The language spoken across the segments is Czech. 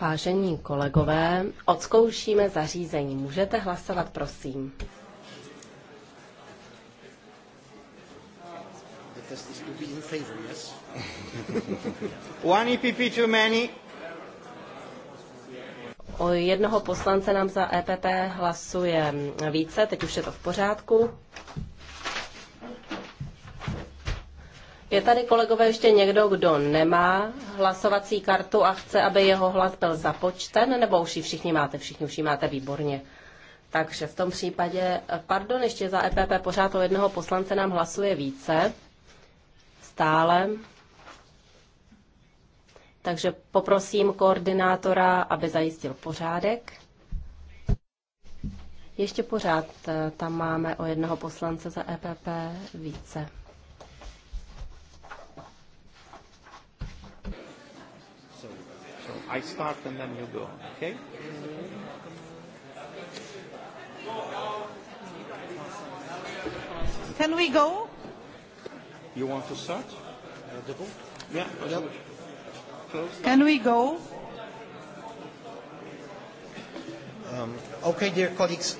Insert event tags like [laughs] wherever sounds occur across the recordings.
Vážení kolegové, odzkoušíme zařízení. Můžete hlasovat, prosím. [laughs] One EPP too many. O jednoho poslance nám za EPP hlasuje více, teď už je to v pořádku. Je tady kolegové ještě někdo, kdo nemá hlasovací kartu a chce, aby jeho hlas byl započten, nebo už ji všichni máte, všichni už ji máte výborně. Takže v tom případě, pardon, ještě za EPP pořád o jednoho poslance nám hlasuje více. Stále. Takže poprosím koordinátora, aby zajistil pořádek. Ještě pořád eh, tam máme o jednoho poslance za EPP více. I start and then you go, okay? Can we go? You want to start? Yeah. Yep. Close. Can we go? Um, okay, dear colleagues.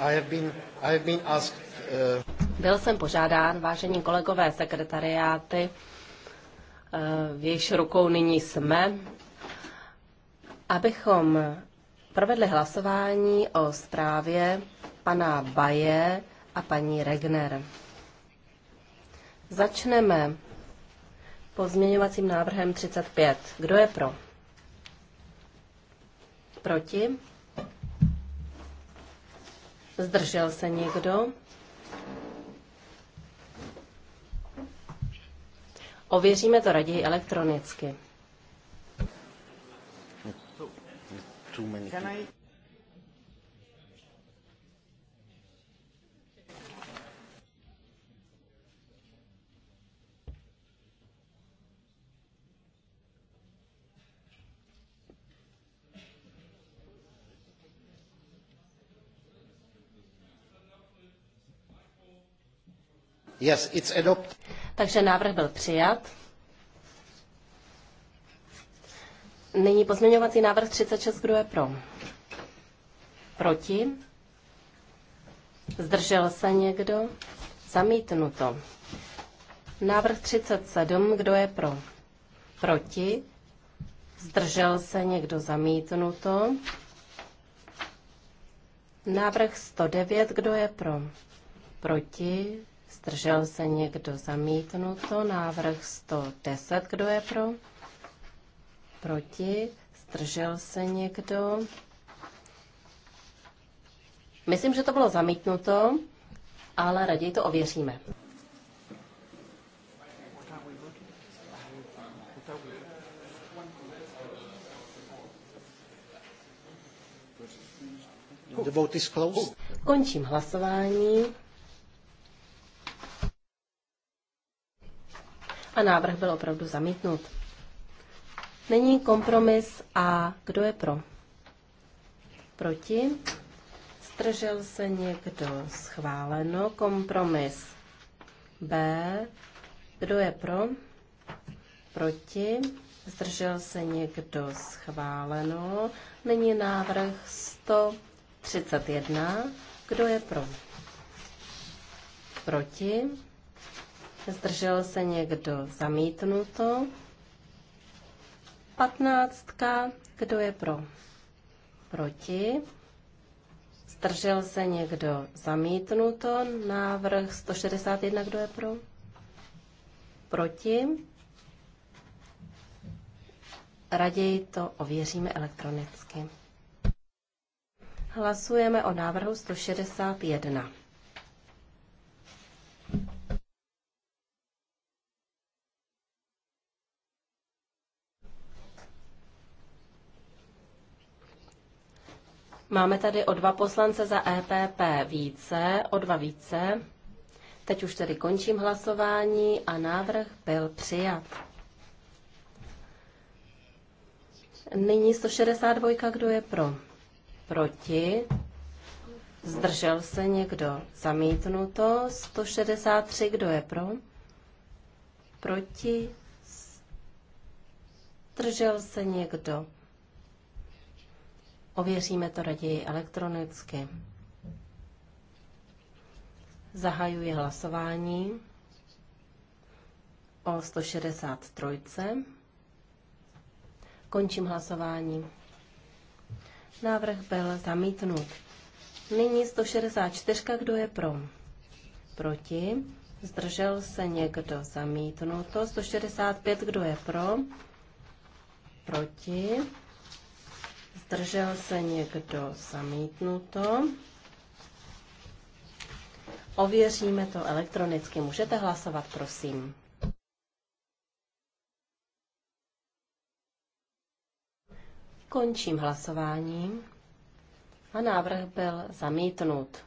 I have been, I have been asked, uh... Byl jsem požádán, vážení kolegové sekretariáty, Eh, v jejíž rukou nyní jsme, abychom provedli hlasování o zprávě pana Baje a paní Regner. Začneme pozměňovacím návrhem 35. Kdo je pro? Proti? Zdržel se někdo? Ověříme to raději elektronicky. Yes, it's adopted takže návrh byl přijat. Nyní pozměňovací návrh 36, kdo je pro? Proti? Zdržel se někdo? Zamítnuto. Návrh 37, kdo je pro? Proti? Zdržel se někdo? Zamítnuto. Návrh 109, kdo je pro? Proti? Zdržel se někdo zamítnuto? Návrh 110. Kdo je pro? Proti? Zdržel se někdo? Myslím, že to bylo zamítnuto, ale raději to ověříme. The vote is closed. Končím hlasování. a návrh byl opravdu zamítnut. Není kompromis a kdo je pro? Proti? Zdržel se někdo? Schváleno. Kompromis B. Kdo je pro? Proti? Zdržel se někdo? Schváleno. Není návrh 131. Kdo je pro? Proti? zdržel se někdo zamítnuto. Patnáctka, kdo je pro? Proti. Zdržel se někdo zamítnuto. Návrh 161, kdo je pro? Proti. Raději to ověříme elektronicky. Hlasujeme o návrhu 161. Máme tady o dva poslance za EPP více, o dva více. Teď už tedy končím hlasování a návrh byl přijat. Nyní 162, kdo je pro? Proti? Zdržel se někdo? Zamítnuto. 163, kdo je pro? Proti? Zdržel se někdo? Ověříme to raději elektronicky. Zahajuji hlasování o 163. Končím hlasování. Návrh byl zamítnut. Nyní 164. Kdo je pro? Proti. Zdržel se někdo zamítnuto. 165. Kdo je pro? Proti. Zdržel se někdo zamítnuto? Ověříme to elektronicky. Můžete hlasovat, prosím. Končím hlasování a návrh byl zamítnut.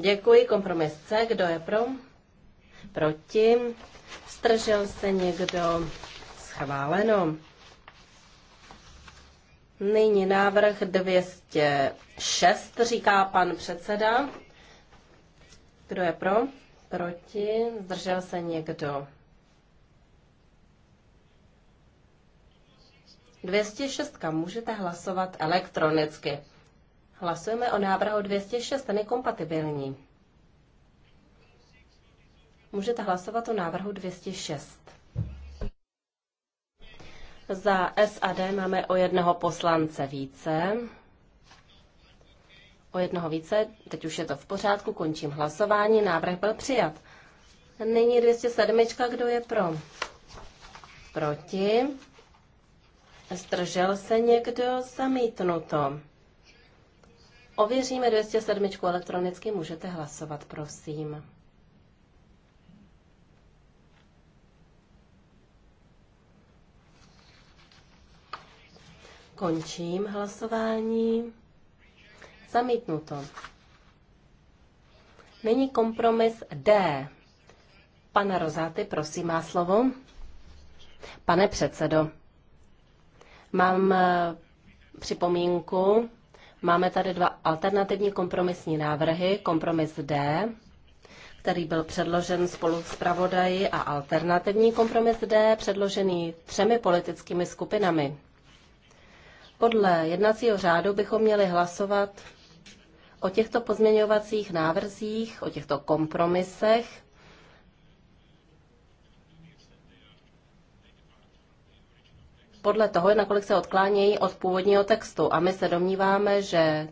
Děkuji. Kompromis C. Kdo je pro? Proti? Zdržel se někdo? Schváleno. Nyní návrh 206, říká pan předseda. Kdo je pro? Proti? Zdržel se někdo? 206. Můžete hlasovat elektronicky. Hlasujeme o návrhu 206, ten je kompatibilní můžete hlasovat o návrhu 206. Za SAD máme o jednoho poslance více. O jednoho více, teď už je to v pořádku, končím hlasování, návrh byl přijat. Nyní 207, kdo je pro? Proti? Zdržel se někdo? Zamítnuto. Ověříme 207 elektronicky, můžete hlasovat, prosím. Končím hlasování. Zamítnuto. Není kompromis D. Pane Rozáty, prosím, má slovo. Pane předsedo, mám eh, připomínku. Máme tady dva alternativní kompromisní návrhy. Kompromis D, který byl předložen spolu s pravodají, a alternativní kompromis D, předložený třemi politickými skupinami. Podle jednacího řádu bychom měli hlasovat o těchto pozměňovacích návrzích, o těchto kompromisech, podle toho, nakolik se odklánějí od původního textu. A my se domníváme, že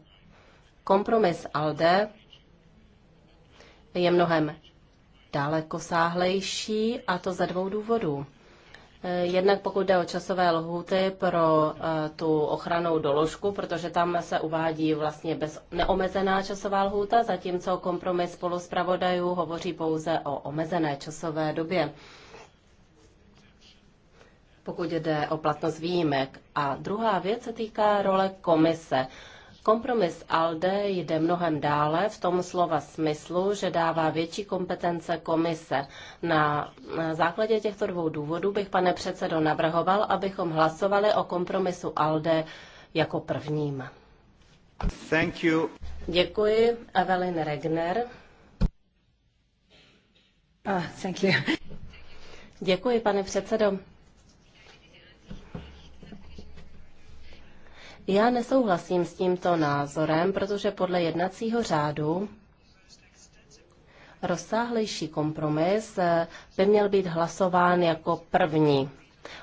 kompromis ALDE je mnohem dalekosáhlejší a to ze dvou důvodů. Eh, jednak pokud jde o časové lhuty pro eh, tu ochranou doložku, protože tam se uvádí vlastně bez neomezená časová lhůta, zatímco kompromis spolu zpravodajů hovoří pouze o omezené časové době pokud jde o platnost výjimek. A druhá věc se týká role komise. Kompromis ALDE jde mnohem dále v tom slova smyslu, že dává větší kompetence komise. Na základě těchto dvou důvodů bych, pane předsedo, navrhoval, abychom hlasovali o kompromisu ALDE jako prvním. Thank you. Děkuji, Evelyn Regner. Ah, thank you. Děkuji, pane předsedo. Já nesouhlasím s tímto názorem, protože podle jednacího řádu rozsáhlejší kompromis eh, by měl být hlasován jako první.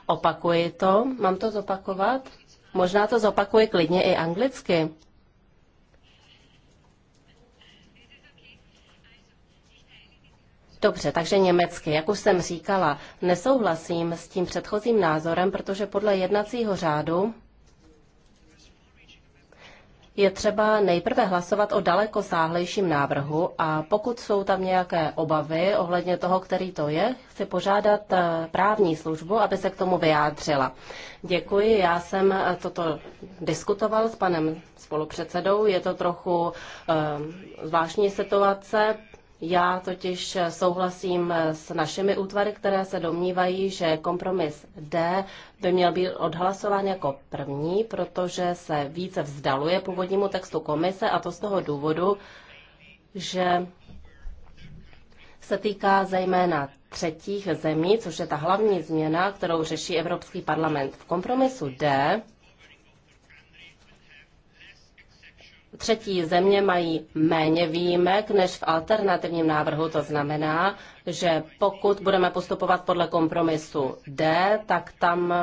Opakuji to, mám to zopakovat? Možná to zopakuji klidně i anglicky. Dobře, takže německy. Jak už jsem říkala, nesouhlasím s tím předchozím názorem, protože podle jednacího řádu je třeba nejprve hlasovat o daleko sáhlejším návrhu a pokud jsou tam nějaké obavy ohledně toho, který to je, chci požádat eh, právní službu, aby se k tomu vyjádřila. Děkuji, já jsem eh, toto diskutoval s panem spolupředsedou, je to trochu eh, zvláštní situace, já totiž souhlasím s našimi útvary, které se domnívají, že kompromis D by měl být odhlasován jako první, protože se více vzdaluje původnímu textu komise a to z toho důvodu, že se týká zejména třetích zemí, což je ta hlavní změna, kterou řeší Evropský parlament. V kompromisu D třetí země mají méně výjimek než v alternativním návrhu. To znamená, že pokud budeme postupovat podle kompromisu D, tak tam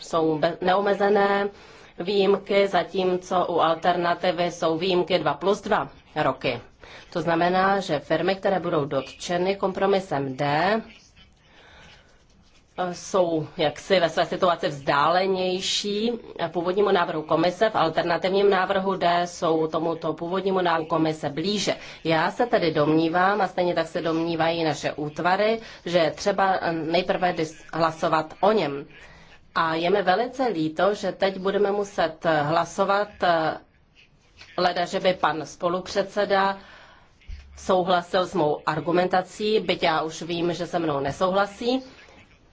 jsou neomezené výjimky, zatímco u alternativy jsou výjimky 2 plus 2 roky. To znamená, že firmy, které budou dotčeny kompromisem D, jsou jaksi ve své situaci vzdálenější původnímu návrhu komise, v alternativním návrhu D jsou tomuto původnímu návrhu komise blíže. Já se tedy domnívám, a stejně tak se domnívají naše útvary, že je třeba nejprve hlasovat o něm. A je mi velice líto, že teď budeme muset hlasovat, eh, leda, že by pan spolupředseda souhlasil s mou argumentací, byť já už vím, že se mnou nesouhlasí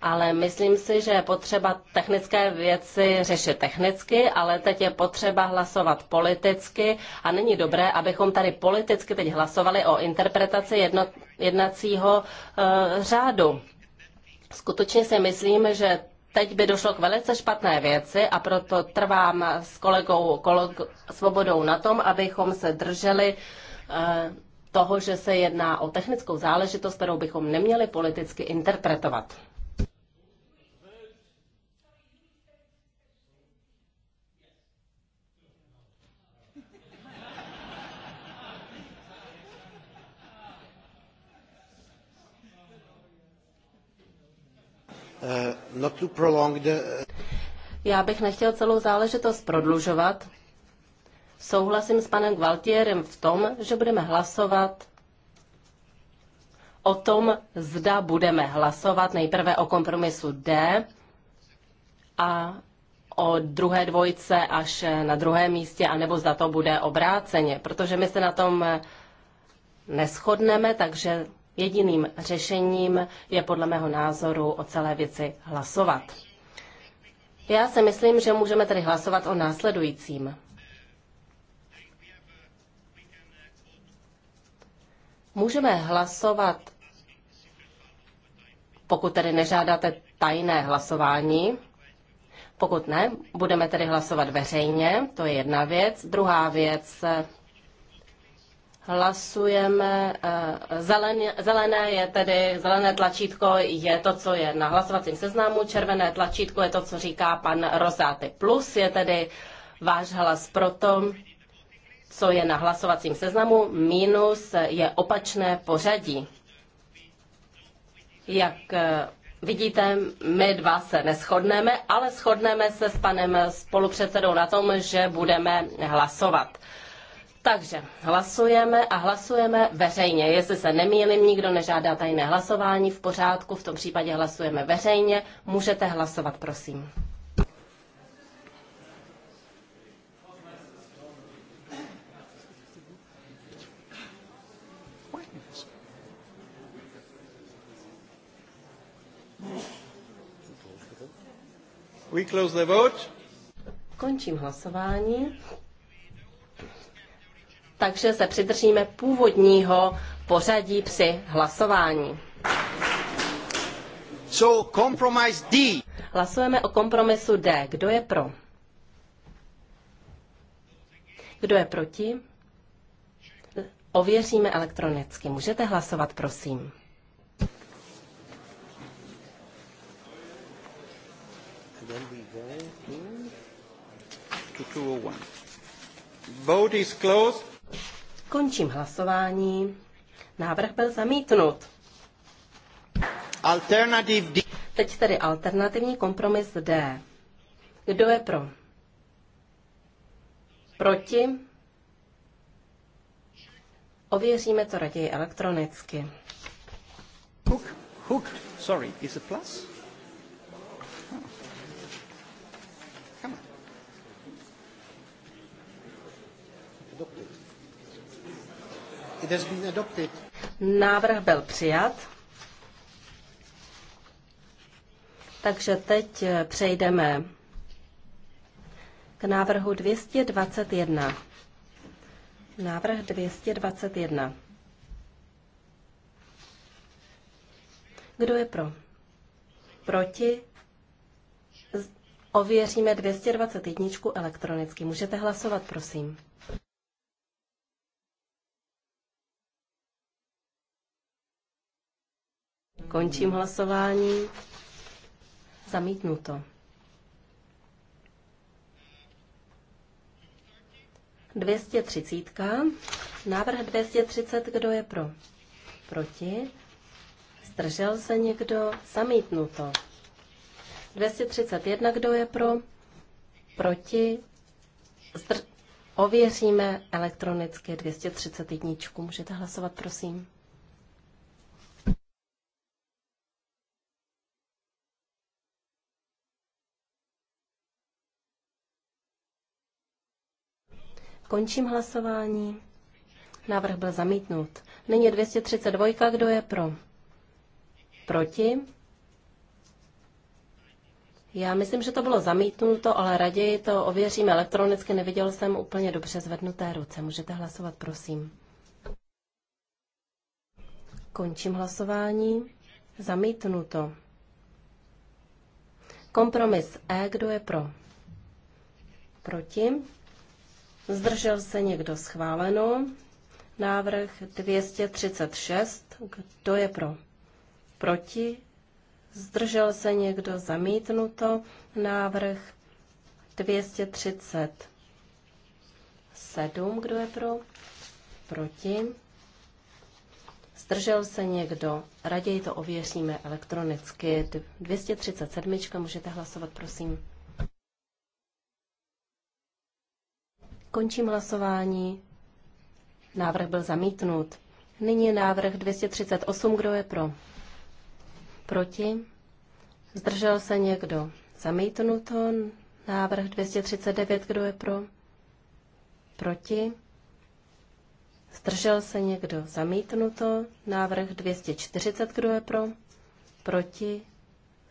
ale myslím si, že je potřeba technické věci řešit technicky, ale teď je potřeba hlasovat politicky a není dobré, abychom tady politicky teď hlasovali o interpretaci jedno, jednacího uh, řádu. Skutečně si myslím, že teď by došlo k velice špatné věci a proto trvám s kolegou koleg, Svobodou na tom, abychom se drželi uh, toho, že se jedná o technickou záležitost, kterou bychom neměli politicky interpretovat. Eh, eh, Já bych nechtěl celou záležitost prodlužovat. Souhlasím s panem Gvaltierem v tom, že budeme hlasovat o tom, zda budeme hlasovat nejprve o kompromisu D a o druhé dvojce až na druhém místě, anebo zda to bude obráceně, protože my se na tom neschodneme, takže jediným řešením je podle mého názoru o celé věci hlasovat. Já si myslím, že můžeme tedy hlasovat o následujícím. Můžeme hlasovat, pokud tedy nežádáte tajné hlasování. Pokud ne, budeme tedy hlasovat veřejně, to je jedna věc. Druhá věc, Hlasujeme. Eh, zelené, zelené je tedy, zelené tlačítko je to, co je na hlasovacím seznamu, červené tlačítko je to, co říká pan Rozáty. Plus je tedy váš hlas pro to, co je na hlasovacím seznamu, minus je opačné pořadí. Jak eh, Vidíte, my dva se neschodneme, ale shodneme se s panem spolupředsedou na tom, že budeme hlasovat. Takže hlasujeme a hlasujeme veřejně. Jestli se nemýlím, nikdo nežádá tajné hlasování, v pořádku, v tom případě hlasujeme veřejně. Můžete hlasovat, prosím. We close the vote. Končím hlasování takže se přidržíme původního pořadí při hlasování. So, compromise D. Hlasujeme o kompromisu D. Kdo je pro? Kdo je proti? Ověříme elektronicky. Můžete hlasovat, prosím. Vote is closed. Končím hlasování. Návrh byl zamítnut. Alternative D. Teď tedy alternativní kompromis D. Kdo je pro? Proti? Ověříme to raději elektronicky. Hook, hook, sorry, is a plus? Návrh byl přijat. Takže teď eh, přejdeme k návrhu 221. Návrh 221. Kdo je pro? Proti? Ověříme 221 elektronicky. Můžete hlasovat, prosím. Končím hlasování. Zamítnuto. 230. Návrh 230, kdo je pro? Proti? Zdržel se někdo? Zamítnuto. 231, kdo je pro? Proti? Zdr- Ověříme elektronicky 231. Můžete hlasovat, prosím. Končím hlasování. Návrh byl zamítnut. Nyní 232. Kdo je pro? Proti? Já myslím, že to bylo zamítnuto, ale raději to ověříme elektronicky. Neviděl jsem úplně dobře zvednuté ruce. Můžete hlasovat, prosím. Končím hlasování. Zamítnuto. Kompromis E, kdo je pro? Proti? Zdržel se někdo schváleno? Návrh 236. Kdo je pro? Proti? Zdržel se někdo zamítnuto? Návrh 237. Kdo je pro? Proti? Zdržel se někdo? Raději to ověříme elektronicky. 237. Můžete hlasovat, prosím. Končím hlasování. Návrh byl zamítnut. Nyní návrh 238. Kdo je pro? Proti? Zdržel se někdo? Zamítnuto. Návrh 239. Kdo je pro? Proti? Zdržel se někdo? Zamítnuto. Návrh 240. Kdo je pro? Proti?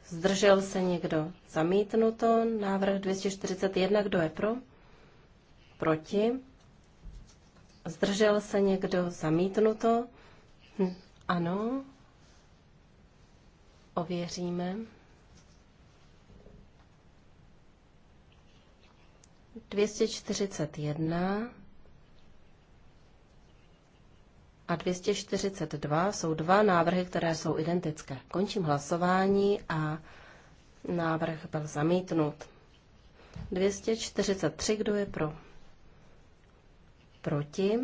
Zdržel se někdo? Zamítnuto. Návrh 241. Kdo je pro? proti, zdržel se někdo zamítnuto, hm, ano, ověříme. Dvěstě čtyřicet jedna a 242 jsou dva návrhy, které jsou identické. Končím hlasování a návrh byl zamítnut. 243, kdo je pro? Proti?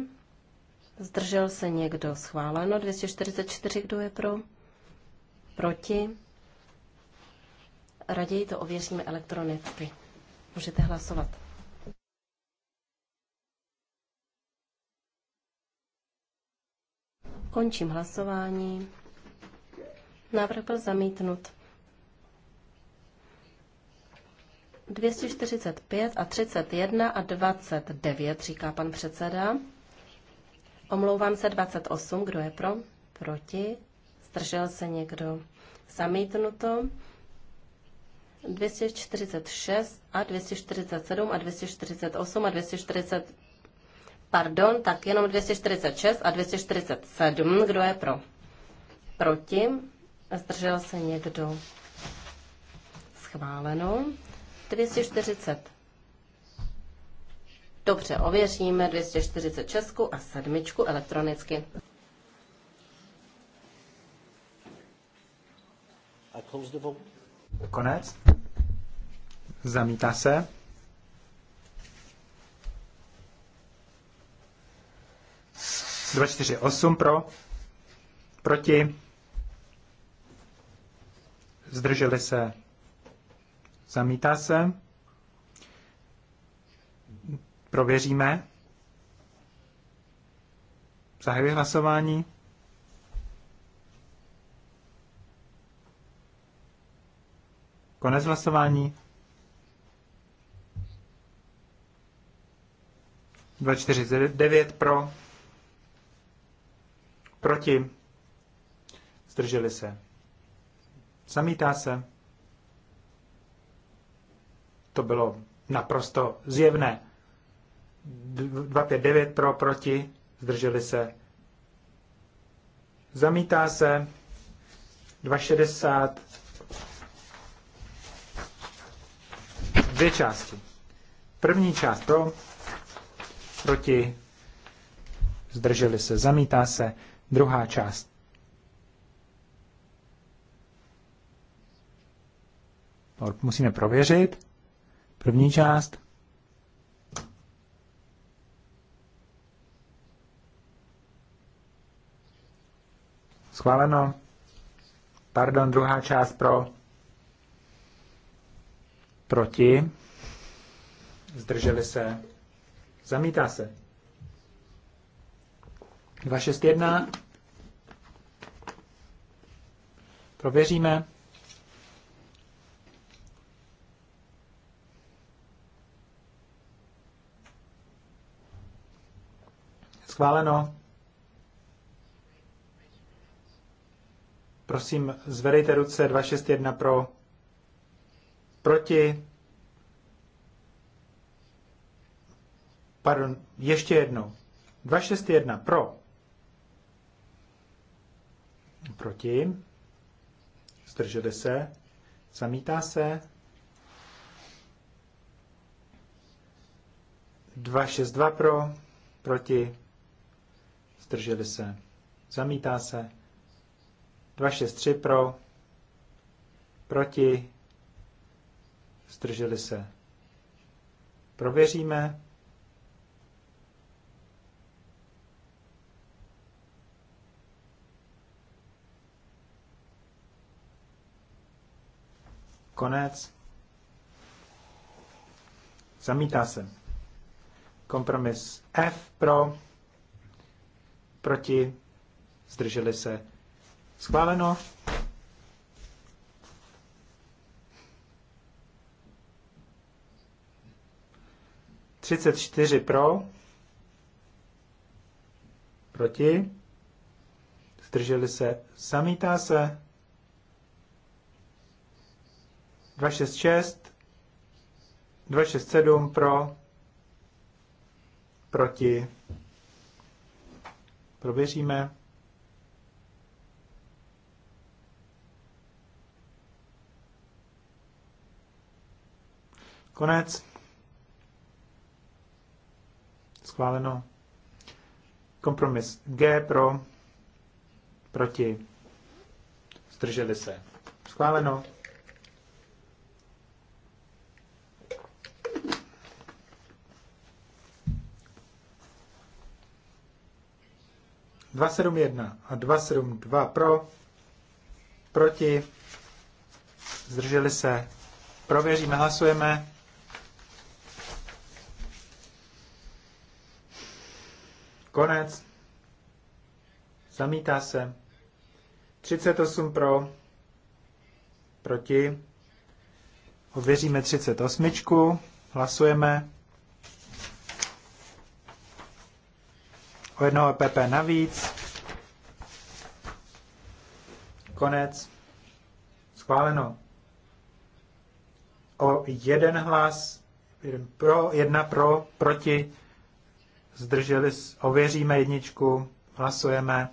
Zdržel se někdo? Schváleno. 244, kdo je pro? Proti? Raději to ověříme elektronicky. Můžete hlasovat. Končím hlasování. Návrh byl zamítnut. 245 a 31 a 29, říká pan předseda. Omlouvám se 28, kdo je pro? Proti. Zdržel se někdo? Zamítnuto. 246 a 247 a 248 a 240, pardon, tak jenom 246 a 247, kdo je pro? Proti. Zdržel se někdo? Schváleno. 240. Dobře, ověříme 240 česku a sedmičku elektronicky. Konec. Zamítá se. Dva, čtyři, osm pro. Proti. Zdrželi se Zamítá se. Prověříme. Zahajuji hlasování. Konec hlasování. 249 pro. Proti. Zdrželi se. Zamítá se to bylo naprosto zjevné. 259 pro, proti, zdrželi se. Zamítá se 260 dvě části. První část pro, proti, zdrželi se, zamítá se. Druhá část. Musíme prověřit. První část. Schváleno. Pardon, druhá část pro. Proti. Zdrželi se. Zamítá se. 261. Prověříme. Schváleno. Prosím, zvedejte ruce 261 pro. Proti. Pardon, ještě jednou. 261 pro. Proti. zdržete se. Zamítá se. 262 pro. Proti zdrželi se, zamítá se. 2, 6, 3 pro, proti, zdrželi se. Prověříme. Konec. Zamítá se. Kompromis F pro proti, zdrželi se, schváleno. Třicet čtyři pro, proti, zdrželi se, zamítá se. 266, 267 pro, proti, Prověříme. Konec. Schváleno. Kompromis G pro, proti, zdrželi se. Schváleno. 271 a 272 pro, proti, zdrželi se, prověříme, hlasujeme. Konec. Zamítá se. 38 pro, proti. Ověříme 38. Hlasujeme. O jednoho EPP navíc. Konec. Schváleno. O jeden hlas, jeden pro, jedna pro, proti, zdrželi, ověříme jedničku, hlasujeme.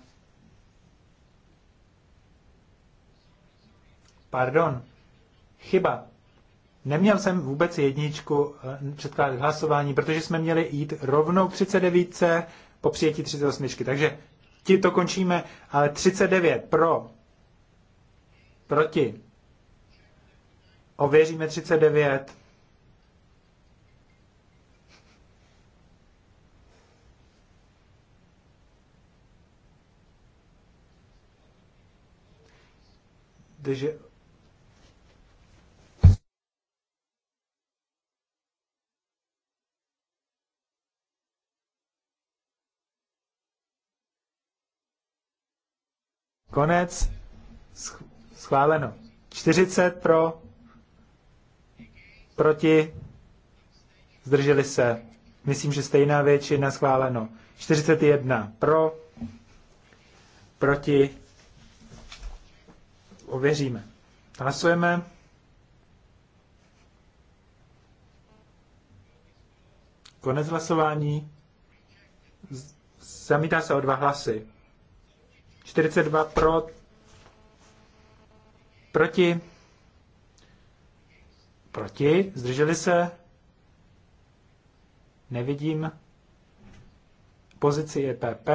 Pardon, chyba. Neměl jsem vůbec jedničku eh, předkládat hlasování, protože jsme měli jít rovnou k 39 po přijetí 38. Takže ti to končíme, ale 39 pro, proti. Ověříme 39. Takže Konec. Schváleno. 40 pro. Proti. Zdrželi se. Myslím, že stejná většina schváleno. 41 pro. Proti. Ověříme. Hlasujeme. Konec hlasování. Zamítá se o dva hlasy. 42 pro, proti, proti, zdrželi se, nevidím pozici EPP,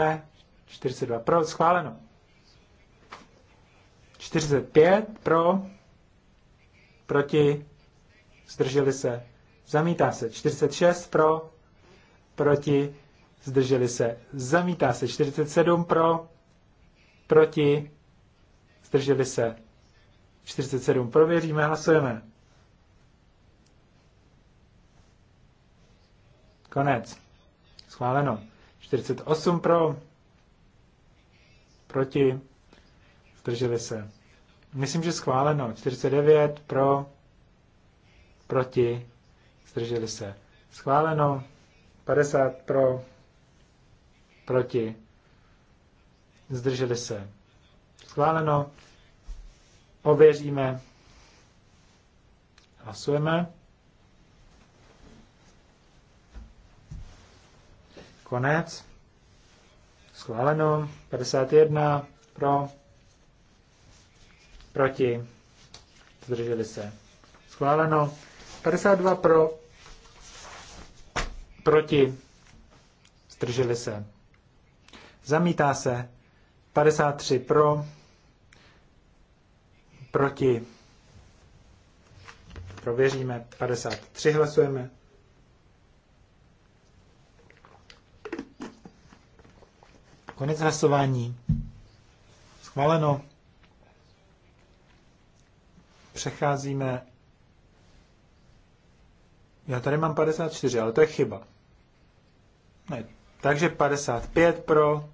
42 pro, schváleno. 45 pro, proti, zdrželi se, zamítá se. 46 pro, proti, zdrželi se, zamítá se. 47 pro, proti, zdrželi se 47. Prověříme, hlasujeme. Konec. Schváleno. 48 pro, proti, zdrželi se. Myslím, že schváleno. 49 pro, proti, zdrželi se. Schváleno. 50 pro, proti, zdrželi se. Schváleno. Ověříme. Hlasujeme. Konec. Schváleno. 51 pro. Proti. Zdrželi se. Schváleno. 52 pro. Proti. Zdrželi se. Zamítá se. 53 pro, proti, prověříme, 53 hlasujeme. Konec hlasování. Schváleno. Přecházíme. Já tady mám 54, ale to je chyba. Ne. Takže 55 pro,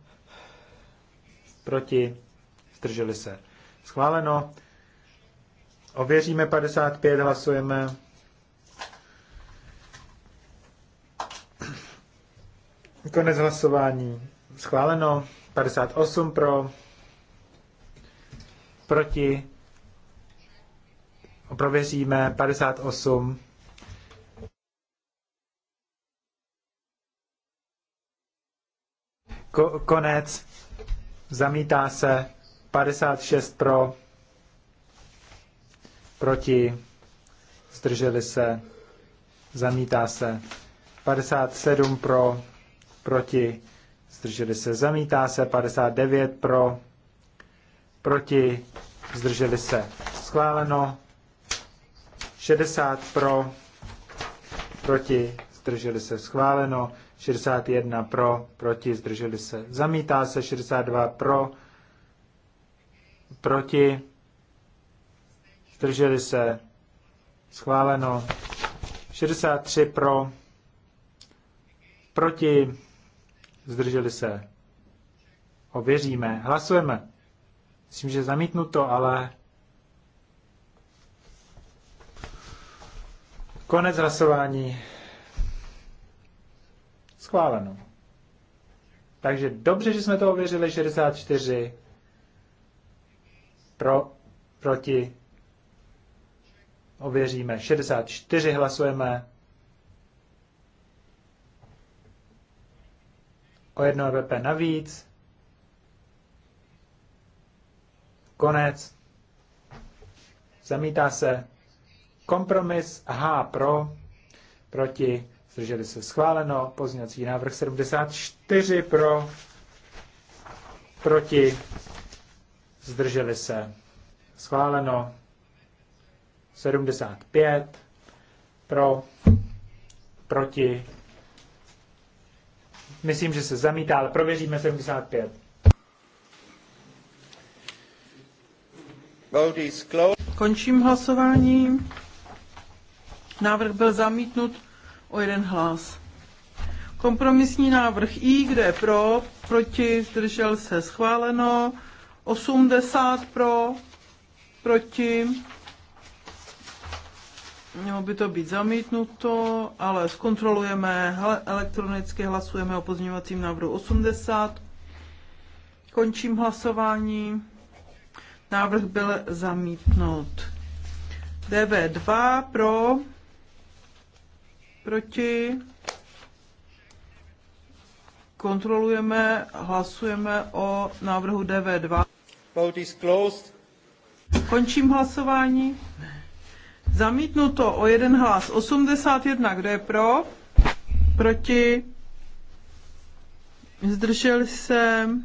proti, zdrželi se. Schváleno. Ověříme 55, hlasujeme. Konec hlasování. Schváleno. 58 pro. Proti. Prověříme 58. Ko- konec zamítá se 56 pro, proti, zdrželi se, zamítá se 57 pro, proti, zdrželi se, zamítá se 59 pro, proti, zdrželi se, schváleno 60 pro, proti, zdrželi se, schváleno 61 pro, proti, zdrželi se. Zamítá se 62 pro, proti, zdrželi se. Schváleno. 63 pro, proti, zdrželi se. Ověříme. Hlasujeme. Myslím, že zamítnu to, ale konec hlasování. Schváleno. Takže dobře, že jsme to ověřili. 64 pro, proti. Ověříme. 64 hlasujeme. O jedno EVP navíc. Konec. Zamítá se kompromis H pro, proti zdrželi se schváleno, pozněcí návrh 74 pro, proti, zdrželi se schváleno, 75 pro, proti, myslím, že se zamítá, ale prověříme 75. Končím hlasování. Návrh byl zamítnut o jeden hlas. Kompromisní návrh I, kde je pro, proti, zdržel se, schváleno. 80 pro, proti. Mělo by to být zamítnuto, ale zkontrolujeme elektronicky, hlasujeme o pozměňovacím návrhu 80. Končím hlasování. Návrh byl zamítnut. DV2 pro, proti. Kontrolujeme, hlasujeme o návrhu DV2. Vote is closed. Končím hlasování. Zamítnuto o jeden hlas. 81, kdo je pro? Proti? Zdržel jsem.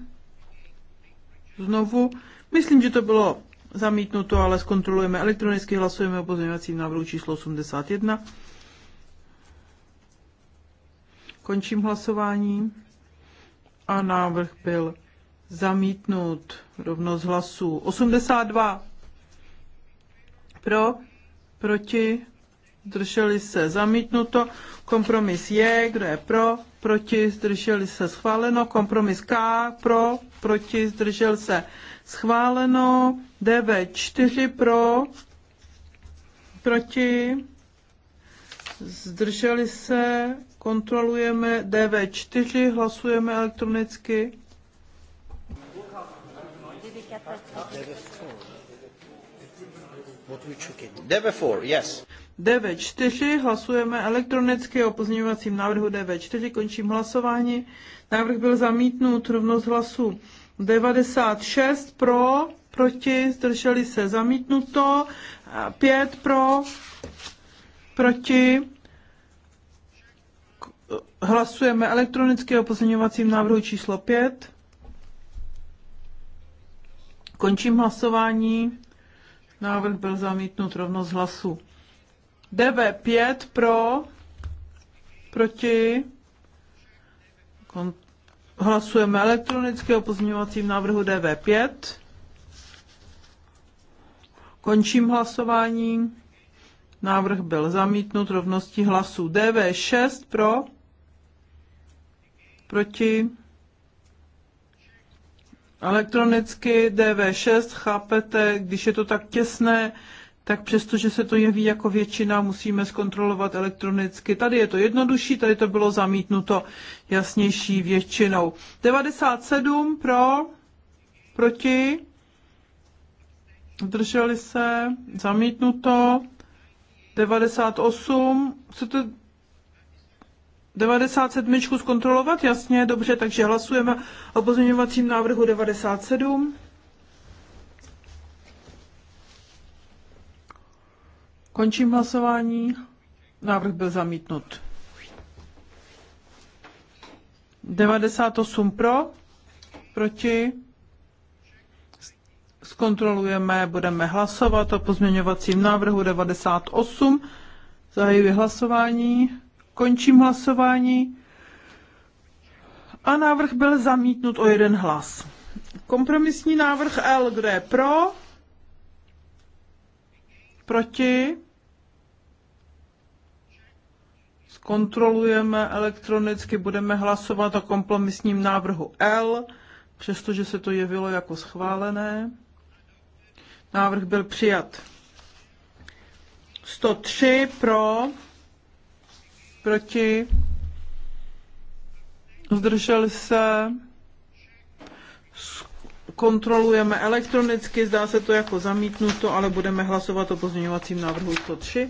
Znovu. Myslím, že to bylo zamítnuto, ale zkontrolujeme elektronicky, hlasujeme o pozměňovacím návrhu číslo 81. Končím hlasování a návrh byl zamítnut z hlasů. 82 pro, proti, zdrželi se zamítnuto. Kompromis je, kdo je pro, proti, zdrželi se schváleno. Kompromis K, pro, proti, zdržel se schváleno. dv 4 pro, proti, zdrželi se Kontrolujeme DV4, hlasujeme elektronicky. DV4, yes. DV4, hlasujeme elektronicky o pozměňovacím návrhu DV4, končím hlasování. Návrh byl zamítnut, rovnost hlasů 96 pro, proti, zdrželi se zamítnuto, 5 pro, proti, hlasujeme elektronicky o pozměňovacím návrhu číslo 5. Končím hlasování. Návrh byl zamítnut rovno z hlasu. DV5 pro, proti. Kon- Hlasujeme elektronicky o pozměňovacím návrhu DV5. Končím hlasování. Návrh byl zamítnut rovností hlasů. DV6 pro, proti. Elektronicky DV6, chápete, když je to tak těsné, tak přestože se to jeví jako většina, musíme zkontrolovat elektronicky. Tady je to jednodušší, tady to bylo zamítnuto jasnější většinou. 97 pro, proti, drželi se, zamítnuto, 98, chcete 97 zkontrolovat, jasně, dobře, takže hlasujeme o pozměňovacím návrhu 97. Končím hlasování. Návrh byl zamítnut. 98 pro, proti. Zkontrolujeme, budeme hlasovat o pozměňovacím návrhu 98. Zahajuji hlasování. Končím hlasování. A návrh byl zamítnut o jeden hlas. Kompromisní návrh L, kdo je pro? Proti? Zkontrolujeme elektronicky, budeme hlasovat o kompromisním návrhu L, přestože se to jevilo jako schválené. Návrh byl přijat. 103 pro, proti, zdrželi se, kontrolujeme elektronicky, zdá se to jako zamítnuto, ale budeme hlasovat o pozměňovacím návrhu 103.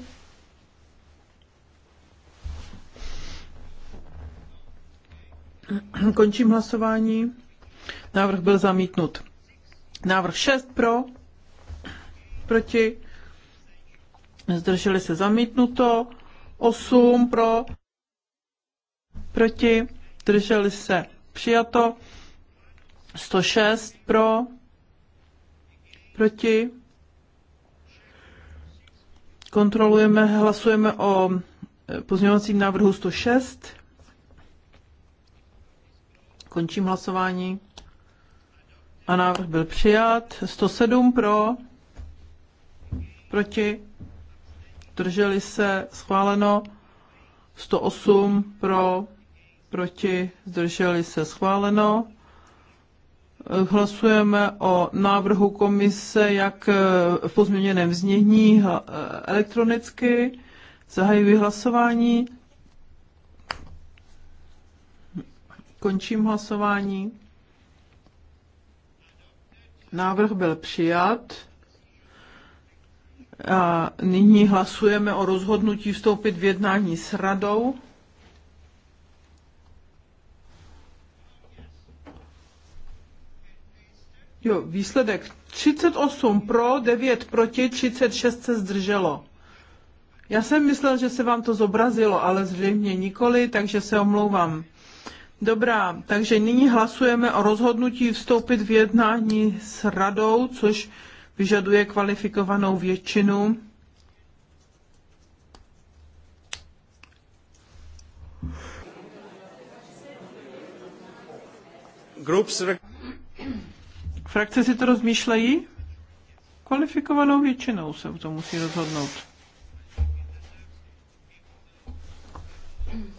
Končím hlasování. Návrh byl zamítnut. Návrh 6 pro, proti, zdrželi se zamítnuto. 8 pro, proti, drželi se přijato, 106 pro, proti, kontrolujeme, hlasujeme o eh, pozměňovacím návrhu 106, končím hlasování a návrh byl přijat, 107 pro, proti, zdrželi se, schváleno. 108 pro, proti, zdrželi se, schváleno. Hlasujeme o návrhu komise, jak eh, v pozměněném znění eh, elektronicky. Zahajuji hlasování. Končím hlasování. Návrh byl přijat. A nyní hlasujeme o rozhodnutí vstoupit v jednání s radou. Jo, výsledek 38 pro, 9 proti, 36 se zdrželo. Já jsem myslel, že se vám to zobrazilo, ale zřejmě nikoli, takže se omlouvám. Dobrá, takže nyní hlasujeme o rozhodnutí vstoupit v jednání s radou, což vyžaduje kvalifikovanou většinu. Frakce si to rozmýšlejí? Kvalifikovanou většinou se to musí rozhodnout.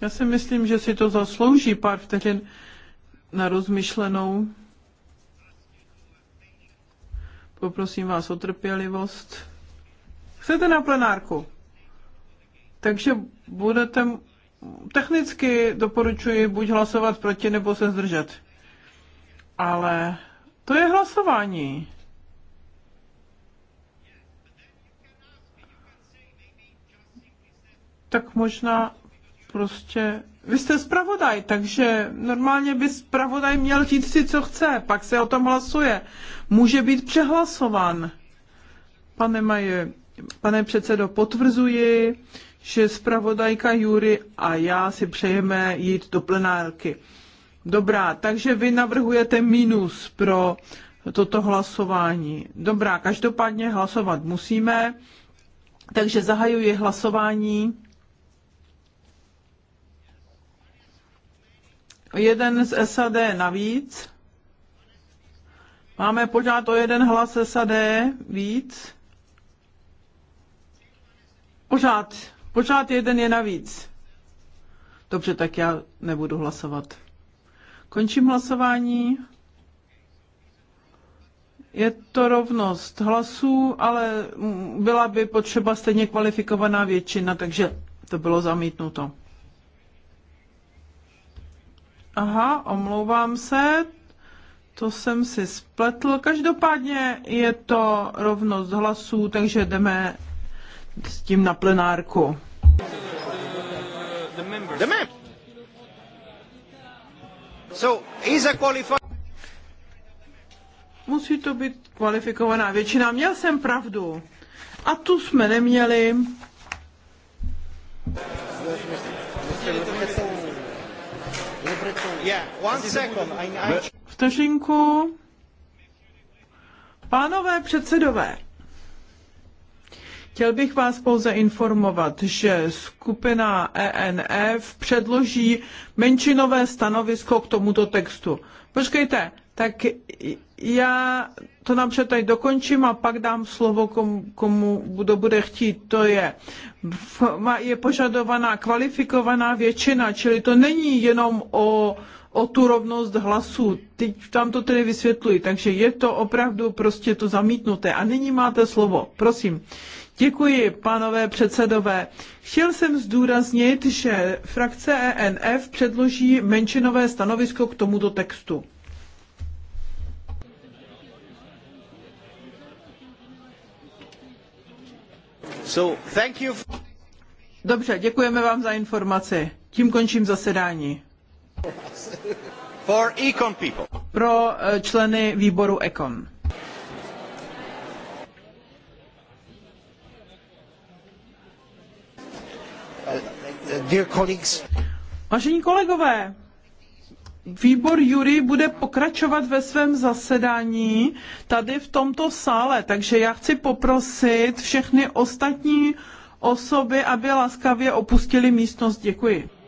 Já si myslím, že si to zaslouží pár vteřin na rozmyšlenou. Poprosím vás o trpělivost. Chcete na plenárku? Takže budete technicky doporučuji buď hlasovat proti, nebo se zdržet. Ale to je hlasování. Tak možná prostě vy jste zpravodaj, takže normálně by zpravodaj měl říct si, co chce, pak se o tom hlasuje. Může být přehlasován. Pane Maje, pane předsedo, potvrzuji, že zpravodajka Jury a já si přejeme jít do plenárky. Dobrá, takže vy navrhujete minus pro toto hlasování. Dobrá, každopádně hlasovat musíme, takže zahajuji hlasování. jeden z SAD navíc. Máme pořád o jeden hlas SAD víc. Pořád, pořád jeden je navíc. Dobře, tak já nebudu hlasovat. Končím hlasování. Je to rovnost hlasů, ale byla by potřeba stejně kvalifikovaná většina, takže to bylo zamítnuto. Aha, omlouvám se, to jsem si spletl. Každopádně je to rovnost hlasů, takže jdeme s tím na plenárku. Jdeme. So, he's a qualified... Musí to být kvalifikovaná většina. Měl jsem pravdu. A tu jsme neměli. Vteřinku. Pánové předsedové, Chtěl bych vás pouze informovat, že skupina ENF předloží menšinové stanovisko k tomuto textu. Počkejte, tak já to napřed tady dokončím a pak dám slovo, komu, komu kdo bude chtít. To je, je požadovaná kvalifikovaná většina, čili to není jenom o, o tu rovnost hlasů. Teď tam to tedy vysvětluji, takže je to opravdu prostě to zamítnuté. A nyní máte slovo, prosím. Děkuji, pánové předsedové. Chtěl jsem zdůraznit, že frakce ENF předloží menšinové stanovisko k tomuto textu. So, thank you. Dobře, děkujeme vám za informaci. Tím končím zasedání. For Econ people. Pro eh, členy výboru Econ. Vážení kolegové, výbor Jury bude pokračovat ve svém zasedání tady v tomto sále, takže já chci poprosit všechny ostatní osoby, aby laskavě opustili místnost. Děkuji.